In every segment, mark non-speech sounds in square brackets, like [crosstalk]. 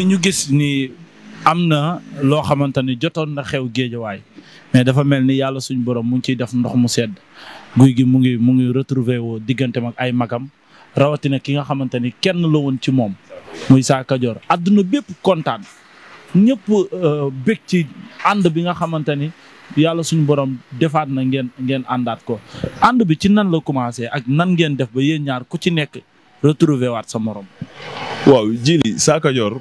aussi ñu gis ni am na loo xamante ni jotoon na xew géejawaay mais dafa mel ni yàlla suñu borom mu ngi ciy def ndox mu sedd guy gi mu ngi mu ngi retrouver woo digganteem mag ay magam rawatina ki nga xamante ni kenn la woon ci moom muy Sa Kajoor àdduna bépp kontaan ñëpp euh, bég ci ànd bi nga xamante ni yàlla suñu borom defaat na ngeen ngeen àndaat ko ànd bi ci nan la commencé ak nan ngeen def ba yéen ñaar ku ci nekk retrouver waat sa moroom waaw jili Sa Kajoor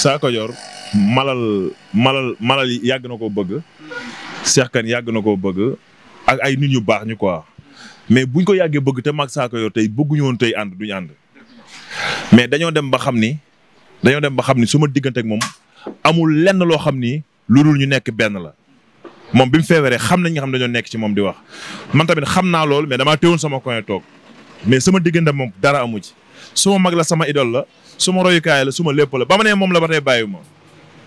Sakho Dior malal malal malal yàgg na ko bëgg. Cheikh Kane yàgg na koo bëgg ak ay nit ñu baax ñu ko quoi mais buñ ko yàggee bëgg te mag Sakho Dior tey bëgguñu woon tey ànd duñu ànd. mais dañoo dem ba xam ni dañoo dem ba xam ni su ma moom amul lenn loo xam ni lu dul ñu nekk benn la. moom bi mu feebaree xam na ñu xam dañoo nekk ci moom di wax man tamit xam naa lool mais damaa téewoon sama coin toog mais sama diggante moom dara amu ci. su ma mag la sama idole la suma royukaay la suma lépp la ba ma ne moom la ba tey bàyyi ma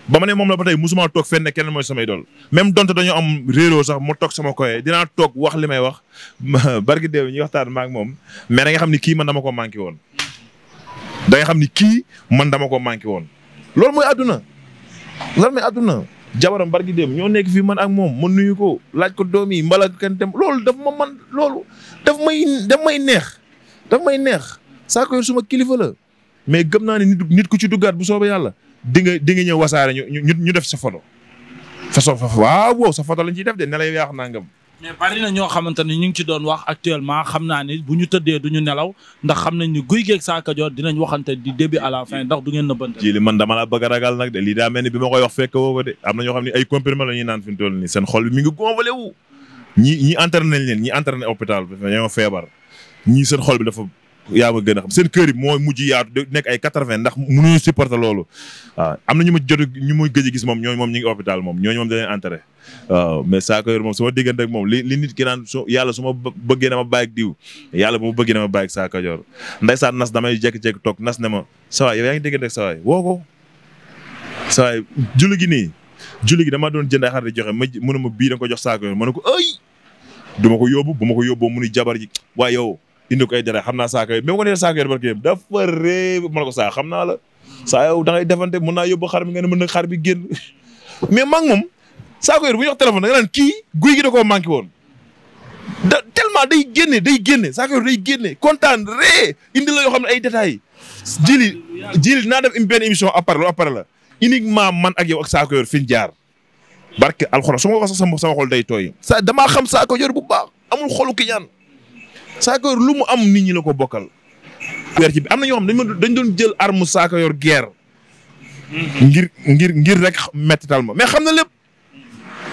ba ma ne moom la ba tey musuma toog fenn kenn mooy sama idole même dont dañoo am réeróo sax mu toog sama koye dinaa toog wax li may wax [laughs] barki déew ñu waxtaan ma ak moom mais da nga xam ni kii man dama ko manqué woon da xam ni kii man dama ko manqué woon loolu mooy àdduna lan mooy àdduna jabaram barki déew ñoo nekk fii man ak moom ma nuyu ko laaj ko doom yi mbala kenn dem loolu daf ma man loolu daf may daf may neex daf may neex Sakho suma kilifa la mais gëm naa ne nit nit ku ci duggaat bu soobee yàlla di nga di nga ñëw wasaare ñu ñu ñu def sa photo. façon fa waaw wow sa photo lañ ciy def de ne la yaax nangam. mais bari na ni ñu ngi ci doon wax actuellement xam naa ni bu ñu tëddee du ñu nelaw ndax xam nañ ni guy geeg Sa Cadior dinañ waxante di début à la fin ndax du ngeen nëbbante. ji li man dama la bëgg a ragal nag de lii daa mel ni bi ma koy wax fekk woo ko de am na ñoo xam ne ay comprimés la ñuy naan fi mu toll nii seen xol mi ngi gonflé wu. ñi ñi entraîné ñi entraîné hôpital bi dañoo feebar ñii seen xol bi dafa yaa ma gën a xam seen kër yi moo mujj yaatu nekk ay quatre-vingt ndax mënuñu supporter loolu waaw am na ñu ma jot ñu ma gëj gis moom ñooñu moom ñu ngi hôpital moom ñooñu moom dañuy enterré waaw mais Sakho Yor moom su ma diggante ak moom li li nit ki naan su yàlla su ma bëggee dama bàyyi diw yàlla bu ma bëggee dama bàyyi ak Sakho Yor ndeysaan nas damay jékki-jékki toog nas ne ma sawaay yow yaa ngi diggante ak sawaay woo ko sawaay julli gi nii julli gi dama doon jënd ay joxe ma mënu ma bii ko jox Sakho Yor ma ne ko du ma ko yóbbu bu ko yóbboo mu ni jabar ji waaye yow indi ko ay détails xam naa saako yooyu même ko nee saako yooyu barki ko saa xam naa la saa yow da ngay defante naa yóbbu xar bi nga na xar bi [laughs] mais maa ngi moom saako yooyu nga guy gi da koo manqué woon tellement day génne day génne saako yooyu génne kontaan indi la yoo xam ne ay détails jili jili naa def benn émission à part loolu à la uniquement man ak yow ak yooyu fi ñu jaar barke alxuraan su ma ko sama sama xol day tooy. sa damaa xam saako yooyu bu baax amul xolu ki ñaan Sakayor lu mu am nit ñi la ko bokkal. weer ci bi am na ñoo xam dañ doon jël arme Sakayor guerre. ngir ngir ngir rek mettital ma mais xam na lépp.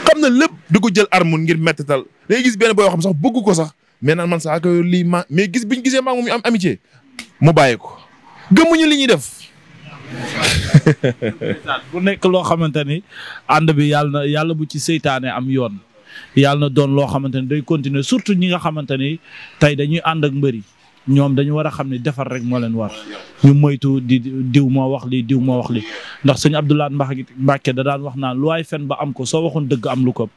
xam na lépp di ko jël arme ngir mettital day gis benn booy xam sax bëgg ko sax mais naan man Sakayor lii ma mais gis biñ gise ma mu ñu am amitié mu bàyyi ko gëmmuñu li ñuy def. [laughs] bu nekk loo xamante ni ànd bi yàlla na yàlla bu ci seytaane am yoon. yàlla na doon loo xamante ne day continuer surtout ñi nga xamante ni tey dañuy ànd ak mbër yi ñoom dañu war a xam ne defar rek moo leen war ñu moytu di diw moo wax li diw moo wax li ndax sëñ Abdoulaye Mbacke da daan wax naan lu waay fen am ko soo waxoon dëgg am lu ko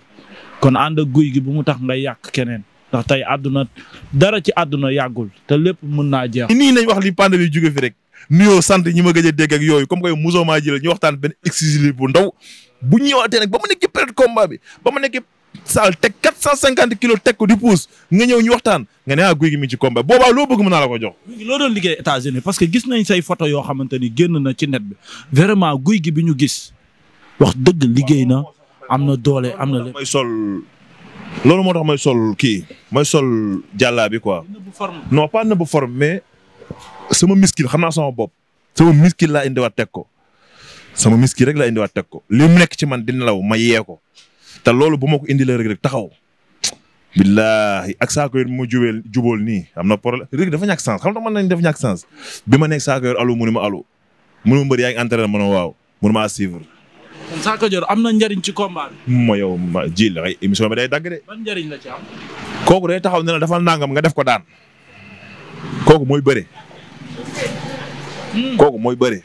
kon ànd ak guy gi bu mu tax nga yàq keneen ndax tey àdduna dara ci àdduna yàggul te lépp mun naa jeex. nii nañ wax li pandal yi jóge fi rek nuyoo sant ñi ma gëj a dégg yooyu comme koy musoo maa jël ñu waxtaan benn exclusivité bu ndaw bu ñëwaatee nag ba mu nekk ci période combat bi nekk saal teg quatre cent cinquante kilos teg ko di pousse nga ñëw ñu waxtaan nga ne ah guy gi mi ci combat boobaa loo bëgg mën naa la ko jox. loo doon liggéey États-Unis parce que gis nañ say foto yoo xamante ni génn na ci net bi vraiment guy gi bi ñu gis wax dëgg liggéey na am na doole am na. may sol loolu moo tax may sol kii may sol jàllaabi bi quoi. non pas nëbb forme mais sama miskil xam naa sama bopp sama miskil laa indiwaat teg ko sama miskil rek laa indiwaat teg ko li mu nekk ci man di nelaw ma yee ko. te loolu bu ma ko indi rek rek taxaw. billaahi ak saako yor mu jubeel jubóol nii am na problème rek dafa ñàkk sens xam nga mën nañ def ñak sens bi ma ne saako yor alu mu ne ma alu mu ne ma mbër yaa ngi ma ne waaw mu ne ma à suivre. kon saako yor am na njariñ ci combat bi. ma yow ma ji la ay émission bi day dagg de. la ci kooku day taxaw ne defal dafa nangam nga def ko daan kooku mooy bëre. Hmm. kooku mooy bëre.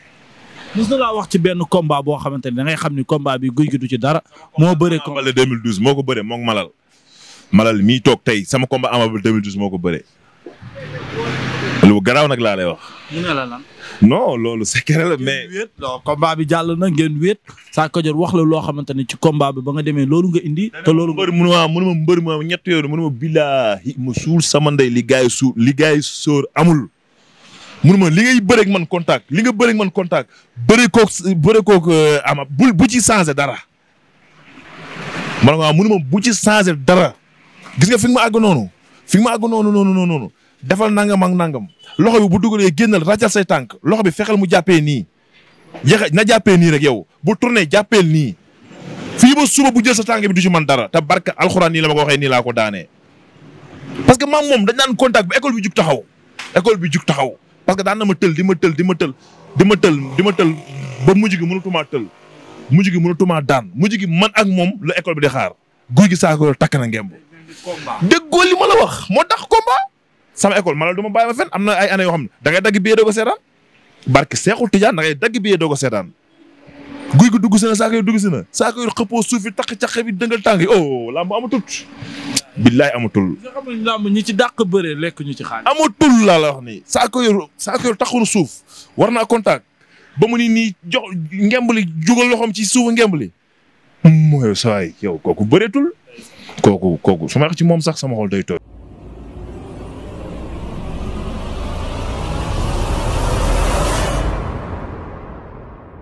mës na laa wax ci benn combat boo xamante ne ngay xam ni combat bi guy gi du ci dara. moo bëre combat la 2012 moo ko bëre moog Malal. Malal mii toog tey sama combat Ama Baldé 2012 moo ko bëre. lu nag laa lay wax. mu ne la lan. non loolu secret la mais. non combat bi jàll na ngeen wéet. saa ko wax la loo xamante ne ci combat bi ba nga demee loolu nga indi. te loolu nga mënu ma mënu mbër ma ñett yoon mënu ma billaahi ma suul sama ndey li gaay suul li amul. mun ma li ngay bëreeg man contact li nga bëreeg man contact bëri koog bëri koog euh, ama bul bu ci changé dara. man waaw munuma bu ci changé dara gis nga fi nga ma àgg noonu fi nga ma àgg noonu noonu noonu noonu defal nangam ak nangam loxo bi bu dugalee génnal ràccal say tànk loxo bi fexel mu jàppee nii. yéex na jàppee nii rek yow bu tourné jàppeel nii fii ba suba bu jël sa tànk bi du ci man dara te barka alxuraan nii la ma ko waxee nii laa ko daanee. parce que maam moom dañ daan contact bi école bi jug taxaw école bi jug taxaw. parce que daan na ma tël di ma tël di ma tël di ma tël di ma tël ba mujj gi mënatumaa tël mujj gi mënatumaa daan mujj gi man ak moom la école bi di xaar guy gi saako takk na ngemb. déggoo li ma la wax moo tax combat. sama école ma la du ma bàyyi ma fen am na ay années yoo xam ne da ngay dagg billet doo ko seetaan barke Seexul Tijaan da ngay dagg billet doo ko seetaan guy gi dugg si na saako yu dugg si na saako yu xëppoo suuf yi takk caq bi dëngal tàng yi oh làmb amatut billaay amatul. nga xam ne ñi ci dàq bëree lekk ñu ci xaalis. amatul laa la wax nii saako yor saako taxul suuf war naa contact ba mu ni nii jox ngemb jugal loxoom ci suufu ngemb li mooy saay yow kooku bëreetul kooku kooku su ma wax ci moom sax sama xol day tooy.